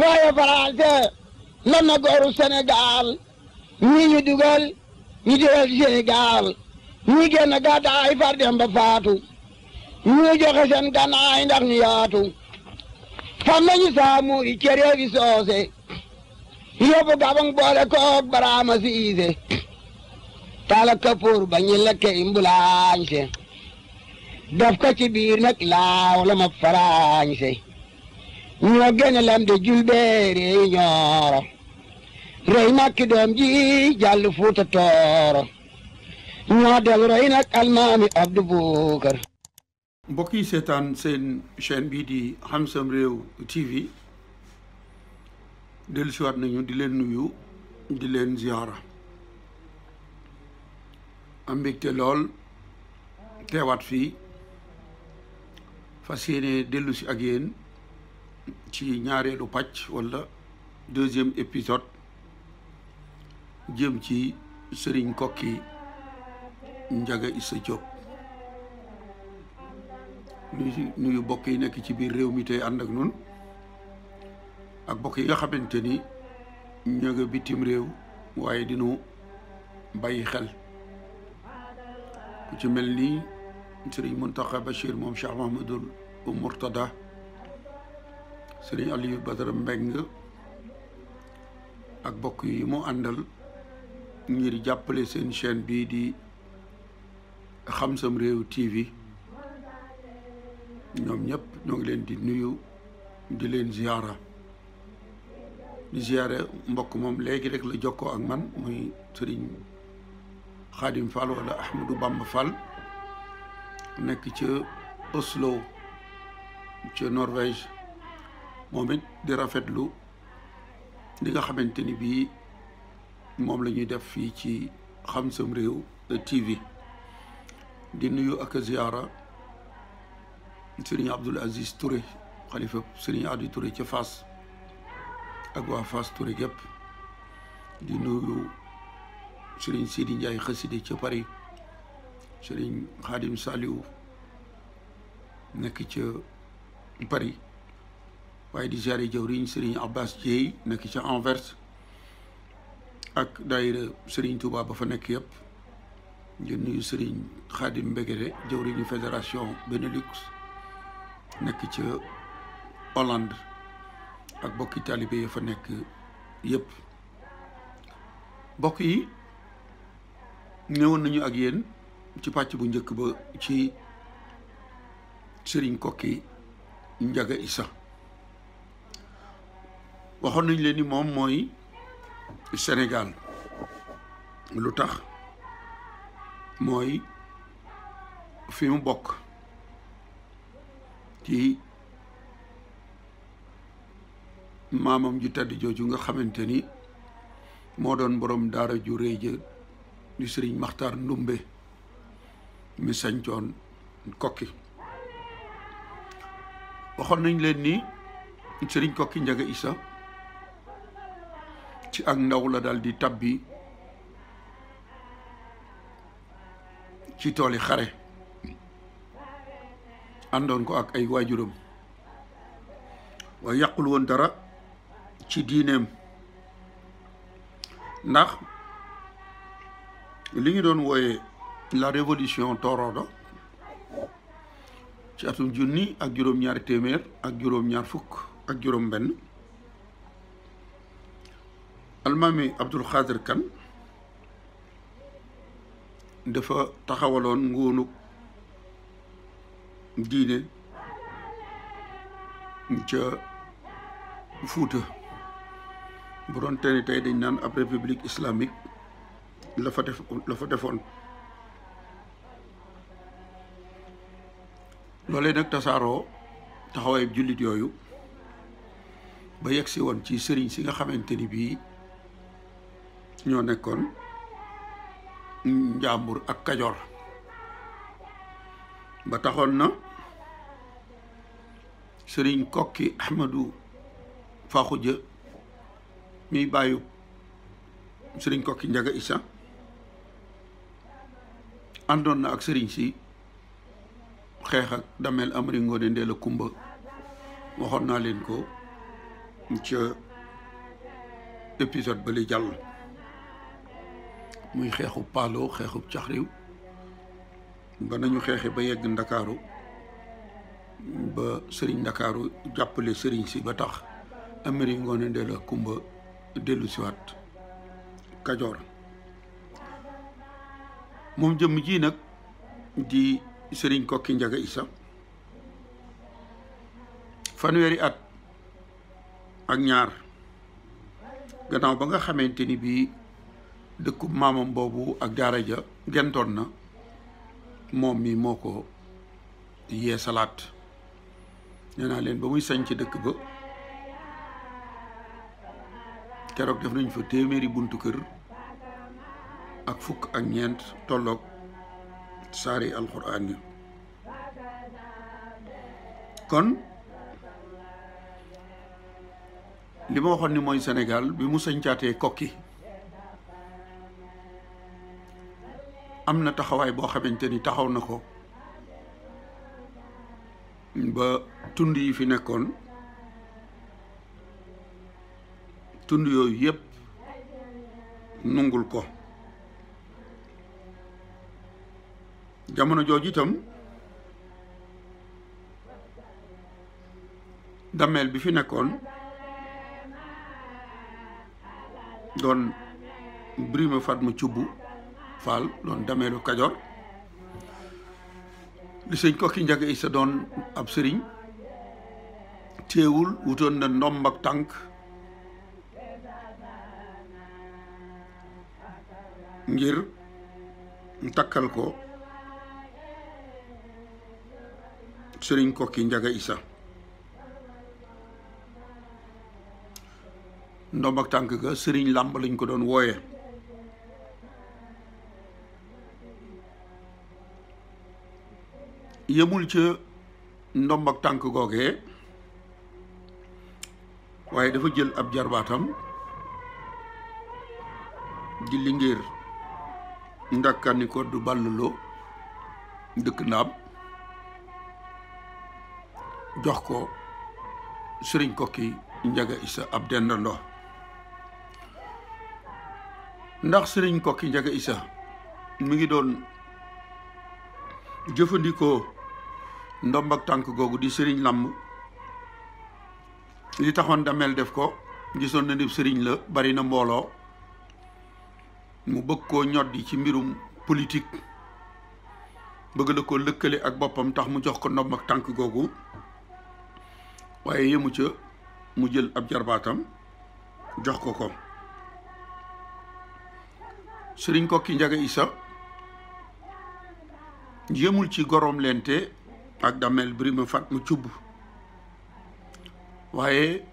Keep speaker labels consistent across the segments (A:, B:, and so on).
A: waaye Faranse man na gooru Sénégal ñii ñu dugal ñu dugal Sénégal ñii génn gàddaay far dem faatu ñii joxe seen gànnaay ndax ñu yaatu fam nañu saamu i cere bi soose yóbbu gabang boole koog baraama siise tala kapoor ba ñi lekke imbulaañse daf ko ci biir nag laaw la ma faraañse ñoo gën a lam de julbeeri ñooro rey nag ki doom ji jàll fuuta tooro ñoo del rey nag almaami Abdou Boucar
B: mbokk yi seetaan seen chaîne bii di Xam Sam Réew TV dellusiwaat nañu di leen nuyu di leen ziyaara am mbégte lool teewaat fii fas yéene dellu si ak yéen ci ñaareelu pàcc walla deuxième épisode jëm ci sëriñ kokki Njaga Issa Diop nuyu nuyu bokk yi nekk ci biir réew mi tey ànd ak nun ak bokk yi nga xamante ni ñu bitim réew waaye dinu bàyyi xel ku ci mel ni sëriñ Muntaxa Bachir moom Cheikh Mahmadul Murtada sëriñ Aliou Badara Mbengue ak bokk yi mu àndal ngir jàppale seen chaîne bii di Xam Sam Réew TV ñoom ñëpp ñoo ngi leen di nuyu di leen ziyaara di ziyaare mbokk moom léegi rek la jokkoo ak man muy sëriñ Xaadim Fall wala Ahmadou Bamba Fall nekk ca Oslo ca Norvège moom it di rafetlu li nga xamanteni bi mom lañuy def fi ci Xam Sam Réew TV di nuyu ak ziyaara Serigne Abdoul Aziz Touré khalifa Serigne Adi Touré ci fas ak wa fas Touré gépp di nuyu Serigne Sidi Ndiaye khassidi ci Paris Serigne Khadim Saliou nek ci Paris waaye di ziare jëwriñ sëriñ Abbas Dieye nekk ca Anvers ak daayira sëriñ Touba ba fa nekk yëpp di nuyu sëriñ Khadim Mbegere jëwriñu fédération Benelux nekk ca Hollande ak bokki taalibe ya fa nekk yëpp bokk yi newoon nañu ak yéen ci pàcc bu njëkk ba ci sëriñ kokki Njaga Isa waxon nañ leen ni moom Senegal, Sénégal lu tax fi mu bok ci mamam ju tedd joju nga xamanteni ni moo doon borom daara ju rëy ja di sëriñ Maxtaar Ndumbe mi sañton kokki waxon nañ leen ni serigne kokki njaga isa ci ak ndaw la dal di tabbi ci tooli xare àndoon ko ak ay waa waajuram waaye yàqul woon dara ci diineem ndax li ñu doon wooye la révolution torodo ci atum junni ak juróom-ñaari téeméer ak juróom-ñaar fukk ak juróom benn Almami Abdul khadir Kan dafa taxawalon ngonu diine ca foute bu don tane tay dañ nan ab republique islamique la fa def la fa defone lolé nak tasaaroo taxaway julit yoyu ba yegg won ci serigne si nga xamanteni bi ñoo nekkoon njàmbur ak kajoor ba taxoon na sëriñ kokki ahmadu faxuja miy bàyyu sëriñ kokki njaga isa àndoon na ak sëriñ si xeex ak dameel amari ngoone ndeel kumba waxoon naa leen ko ca épisode ba li jàll muy xeexu paalo xeexu caxriw ba nañu xeexe ba yegg ndakaaru ba sëriñ ndakaaru jàppale sëriñ si ba tax amiri ngoone ndee kumba dellu siwaat kajoor moom jëm ji nag di sëriñ kokki njaga isa fanweeri at ak ñaar gannaaw ba nga xamante ni bii dëkku maamam boobu ak daara ja gentoon na moom mi moo ko yee salaat nee naa leen ba muy sañ ci dëkk ba keroog def nañ fa téeméeri buntu kër ak fukk ak ñeent tolloog saari alxuraan yi kon li ma waxoon ni mooy Sénégal bi mu sañcaatee kokki am na taxawaay boo xamante ni taxaw na ko ba tund yi fi nekkoon tund yooyu yëpp nungul ko jamono jooju itam dameel bi fi nekkoon doon Birima Fatma Thioub Fall doon dameelu Kajoor li sëñ Kokki Njaga Isa doon ab sëriñ teewul wutoon na ndomb tànk ngir takkal ko sëriñ Kokki Njaga Isa ndomb ak tànk ga sëriñ làmb lañ ko doon wooye yëmul ca ndomb ak tànk googee waaye dafa jël ab jarbaatam di lingéer ndakani du balluloo dëkk ndaam jox ko sëriñ kokki njaga isa ab dendandoo ndax sëriñ kokki njaga isa mi ngi doon jëfandikoo ndomb ak tànk googu di sëriñ làmb li taxoon dameel def ko gisoon na ni sëriñ la barina mbooloo mu bëgg koo ñoddi ci mbirum politik bëgg la ko lëkkale ak boppam tax mu jox ko ndomb ak tànk googu waaye yemu ca mu jël ab jarbaatam jox ko ko sëriñ Kokki Njaga Isa yëmul ci gorom lente ak damel Birima Fatma Cubb waaye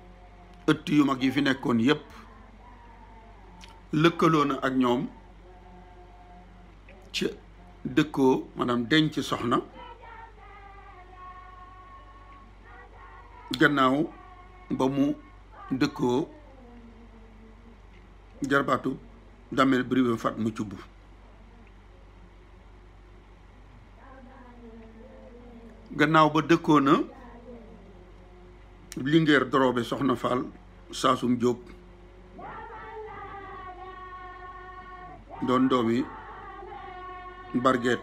B: ëtt yu mag yi fi nekkoon yépp lëkkaloo na ak ñoom ci dëkkoo maanaam denc soxna gannaaw ba mu dëkkoo jarbaatu damel Birima mu Cubb gannaaw ba dëkkoona Linguère drobe Soxna Fall Saasum Jóob don domi, barget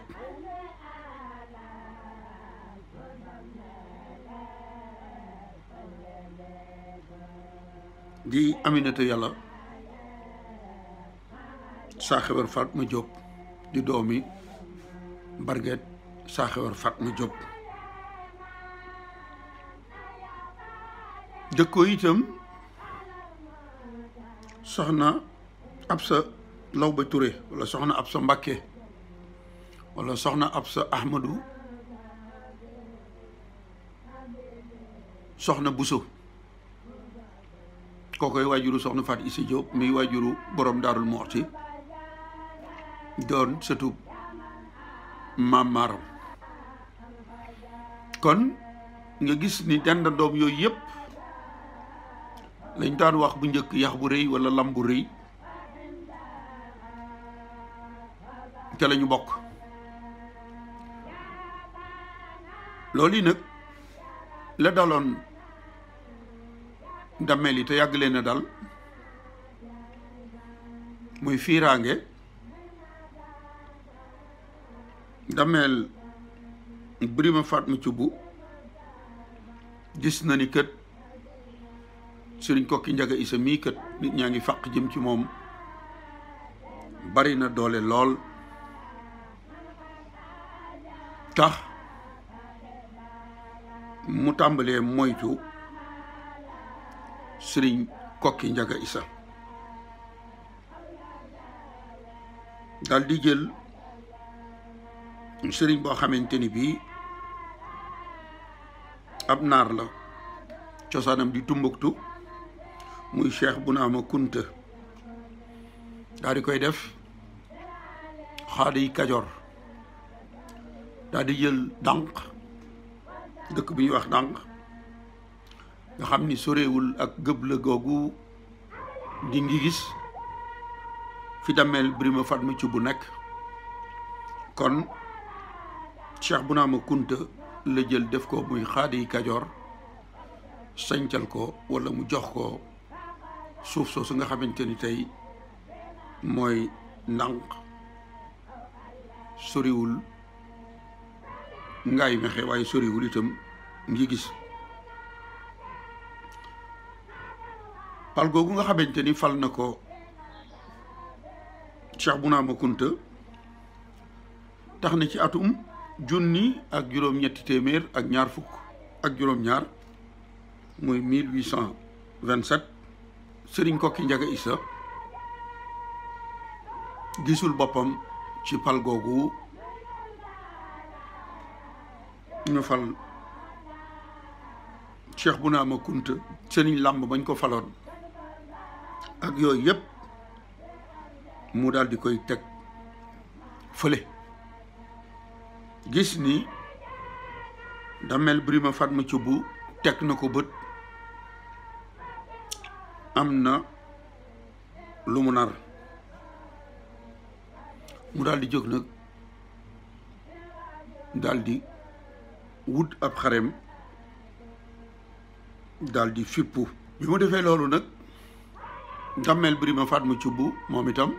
B: di aminata yàlla saaxewar Fatma Jóob di domi, barget saaxewar Fatma Jóob jëkkoo itam soxna Absa ba Touré wala soxna Absa Mbacké wala soxna Absa Ahmadu, soxna Busu, kookoy wajuru soxna fat isi Diop muy wajuru borom darul morti doon surtout maam kon nga gis ni denda doom yooyu yëpp lañ daan wax bu njëkk yax bu rëy walla lam bu rëy ca la bokk loolu yi nag la daloon dammeel yi te yàgg leen dal muy fiiraange dammeel Birima Fatma Thioub gis na ni kët sëriñ kokki njaga isa mii kat nit ñaa ngi fàq jëm ci moom bari na doole lool tax mu tàmbalee moytu sëriñ kokki njaga isa dal di jël sëriñ boo xamante ni bii ab naar la cosaanam di Tumbuktu muy Cheikh Bounama Kunta daal di koy def xaadi Kajoor daal di jël dànq dëkk bi ñuy wax dànq nga xam ni soreewul ak gëb la googu di ngi gis fi dameel Birima Fatma ci bu nekk kon Cheikh Bounama Kunta la jël def ko muy xaadi Kajoor sañcal ko wala mu jox ko suuf soosu nga xamante ni tey mooy ndànk soriwul ngay mexe waaye soriwul itam ngi gis fal googu nga xamante ni fal na ko Cheikh Bounama Kunta tax na ci atum junni ak juróom-ñetti téeméer ak ñaar fukk ak juróom-ñaar muy mille huit cent sering kokki njaga isa gisul bopam ci pal gogu ñu fal cheikh bunaama kunta sëriñ lamb bañ ko falon ak yoy yep mu dal di koy tek fele gis ni damel brima fatma ci bu tek nako beut am na lu mu nar mu daldi jóg nag daldi wut ab xarem daldi di fippu bi mu defee loolu nag Damel Birima mu Cubb moom itam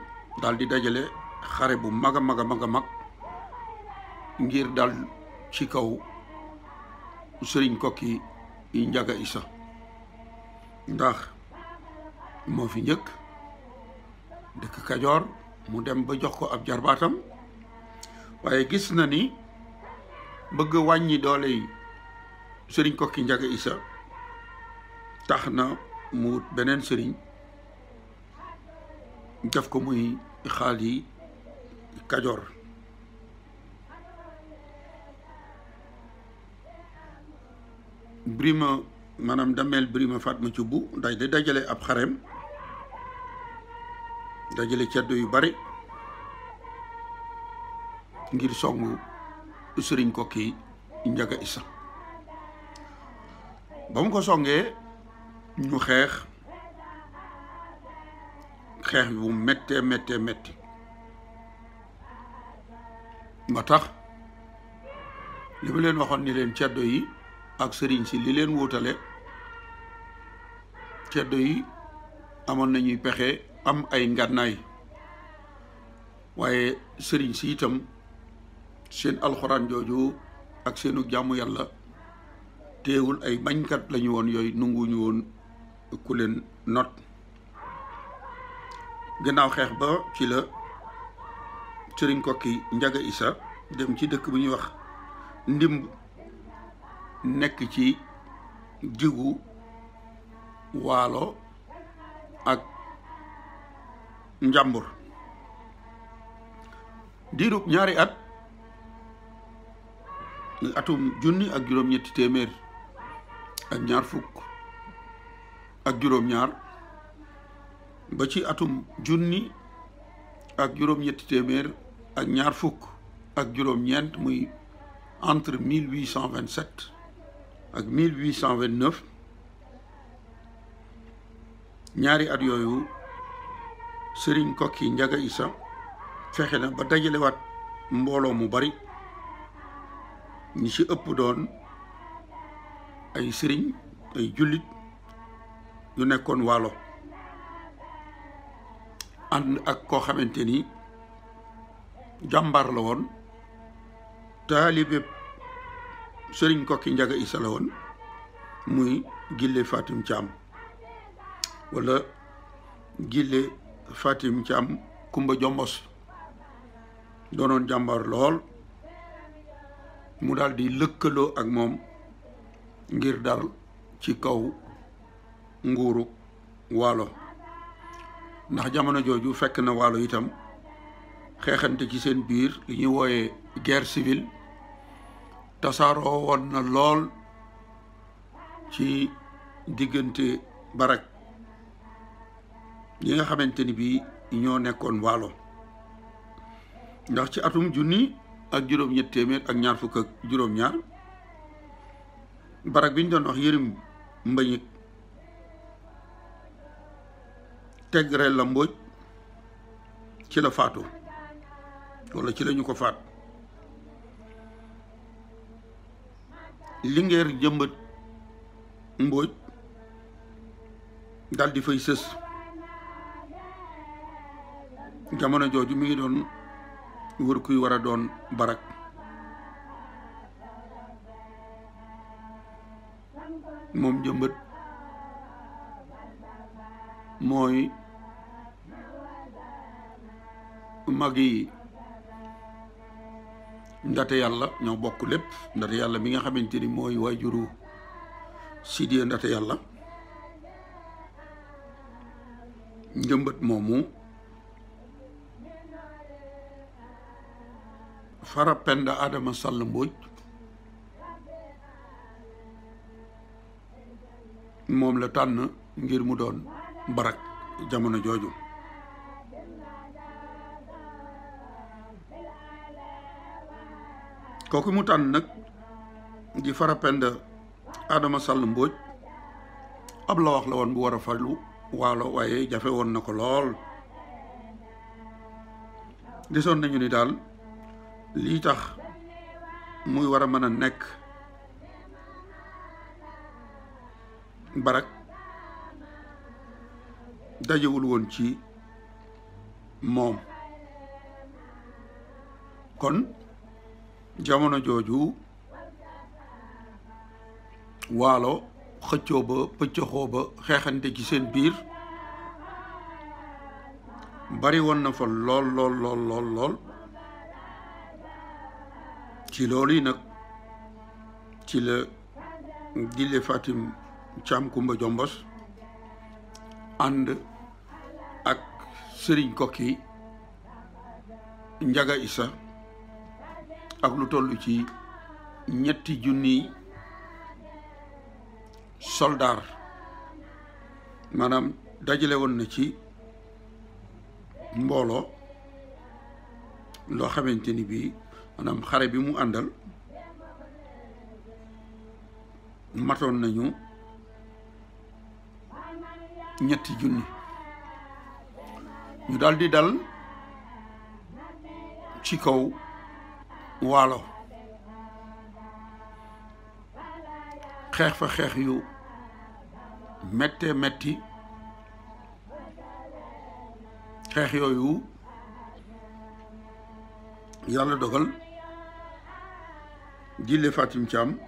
B: daal dajale xare bu mag a mag a mag a mag ngir dal ci kaw sëriñ kokki yi njaga isa ndax moo fi njëkk dëkk kajoor mu dem ba jox ko ab jarbaatam waaye gis na ni bëgg wàññi doole yi sëriñ kokki njaga isa tax na mu wut beneen sëriñ def ko muy xaal yi kajoor brima maanaam dameel Fatma ci bu day di dajale ab xarem dajale ceddo yu bari ngir song sëriñ kokki njaga isa ba mu ko songee ñu xeex xeex bu méttee méttee métti nga tax li ma leen waxoon ni leen ceddo yi ak sëriñ si li leen wutale ceddo yi amoon nañuy pexe am ay ngànnaay waaye sëriñ si itam seen alxuraan jooju ak seenu jàmm yàlla teewul ay bañkat lañu woon yooyu nanguwuñu woon ku leen not gannaaw xeex ba ci la sëriñ kokki njaga isa dem ci dëkk bu ñuy wax ndimb nekk ci diggu waalo ak njàmbur diirub ñaari at muy atum junni ak juróom-ñetti téeméer ak ñaar fukk ak juróom-ñaar ba ci atum junni ak juróom-ñetti téeméer ak ñaar fukk ak juróom-ñeent muy entre 1827 ak 1829 ñaari at yooyu sëriñ kokki njaga isa fexe na ba dajalewaat mbooloo mu bari ñi ci ëpp doon ay sëriñ ay jullit yu nekkoon waalo ànd ak koo xamante ni jàmbaar la woon taalibe sëriñ kokki njaga isa la woon muy gille fatim caam walla gille Fatim Thiam Kumba Jombos doonoon jàmbaar lool mu daldi lëkkaloo ak moom ngir dal ci kaw nguuru waalo ndax jamono jooju fekk na waalo itam xeexante ci seen biir li ñuy wooyee guerre civile tasaaroo woon na lool ci diggante barak ñi nga xamante ni bii ñoo nekkoon waalo ndax ci atum junni ak juróom-ñett téeméer ak ñaar fukk ak juróom-ñaar barak bi ñu doon wax yërim mbañik tegre la mbóoj ci la faatu wala ci lañu ko faat lingeer jëmbat mbóoj dal di fay sës jamono joju mi ngi don wër kuy wara don barak mom jëmbët moy, magi, ndate yalla ñoo bokk lepp ndate yalla mi nga xamanteni moy wajuru waajuru ndate yalla njëmbët moomu penda Adama Sall Mbodj mom la tan ngir mu don barak jamono joju koku mu tan nak di penda Adama Sall Mbodj ab la wax la won bu wara falu waalo waaye jafewon nako lol ko nañu ni dal lii tax muy war a mën a nekk barak dajewul woon ci moom kon jamono jooju waalo xëccoo ba pëccëxoo ba xeexante ci seen biir bari woon na fa lool lool lool lool lool ci loolu yi nag ci la Dile Fatim Thiam Kumba Jombos ànd ak Serigne Kokki Njaga isa ak lu toll ci ñetti junniy soldaar maanaam dajale woon na ci mbooloo loo xamante ni bii maanaam xare bi mu àndal matoon nañu ñetti junni ñu daldi dal ci kaw waalo xeex fa xeex yu mette metti xeex yooyu yàlla dogal Jille Fatim Thiam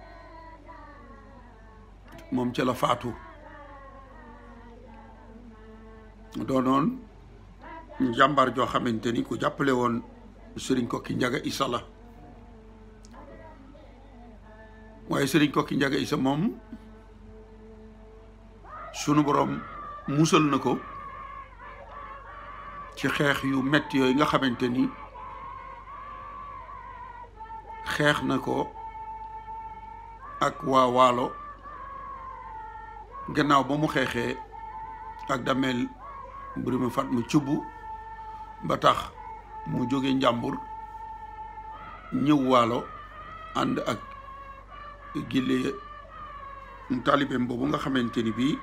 B: moom ca la faatu doonoon jàmbaar joo xamante ni ku jàppale woon Serigne Kokki Njaga Isa la waaye Serigne Kokki Njaga Isa moom sunu boroom musal na ko ci xeex yu metti yooyu nga xamante ni xeex na ko ak waa waalo gannaaw ba mu xeexee ak dameel fat mu Thioub ba tax mu jóge njàmbur ñëw waalo ànd ak gille taalibeem boobu nga xamante ni bii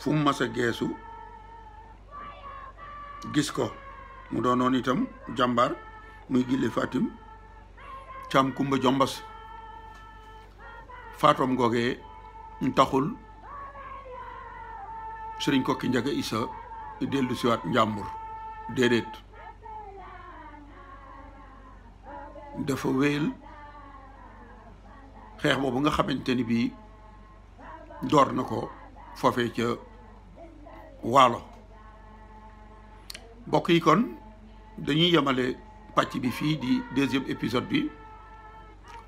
B: fu mu mas a geesu gis ko mu doonoon itam jàmbaar muy gille Fatim Caam Kumba Jombas faatoom googee taxul sëriñ Kokki Njaga Isa dellu siwaat njàmbur déedéet dafa wéyal xeex boobu nga xamante ni bii door na ko foofee ca waalo mbokk yi kon dañuy yemale pàcc bi fii di deuxième épisode bi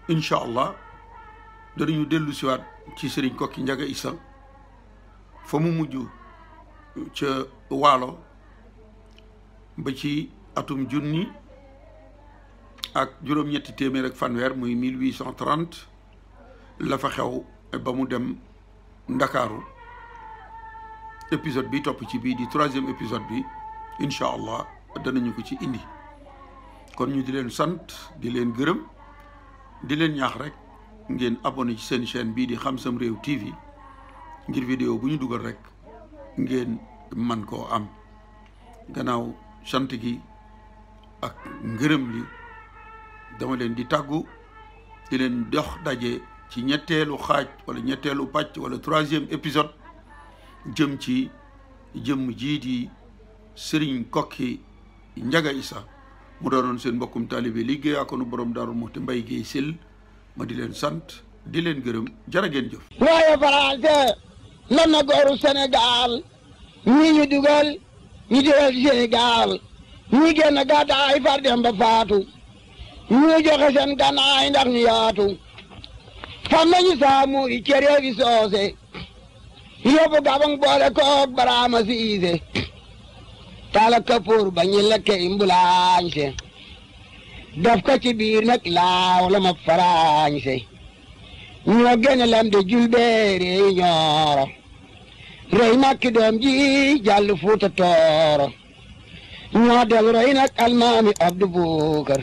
B: incha allah danañu dellu siwaat ci sëriñ Kokki Njaga Isa fa mu mujj ca waalo ba ci atum junni ak juróom-ñetti téeméer ak fanweer muy mille huit cent trente la fa xew ba mu dem ndakaaru épisode bi topp ci bii di troisième épisode bi incha allah danañu ko ci indi kon ñu di leen sant di leen gërëm di leen ñax rek ngeen abonné ci seen chaîne bii di Xam Sam Réew TV ngir vidéo bu ñu dugal rek ngeen man koo am gannaaw sant gi ak ngërëm li dama leen di tàggu di leen dox daje ci ñetteelu xaaj wala ñetteelu pàcc wala troisième épisode jëm ci jëm jii di Sëriñ Kokki Njaga Isa mu doonoon seen mbokkum taalibe liggéey akonu borom Daaru Muxti Mbay Géey Sil ma di leen sant di leen gërëm jërë ngeen waaye français lan na gooru
A: Sénégal ñi ñu dugal ñu dugal ci Sénégal ñi génn gàddaay far dem faatu ñu joxe seen gànnaay ndax ñu yaatu fan nañu saamu soose yóbbu gabang boole koog baraama siise taala kapoor ba ñu lekke imbulaañse daf ko biir nag laaw la ma faraañse ñoo génne lam de julbeere yi ñooro rey makki doom ji jàll fuuta tooro ñoo del roy nag almaami abdu buukar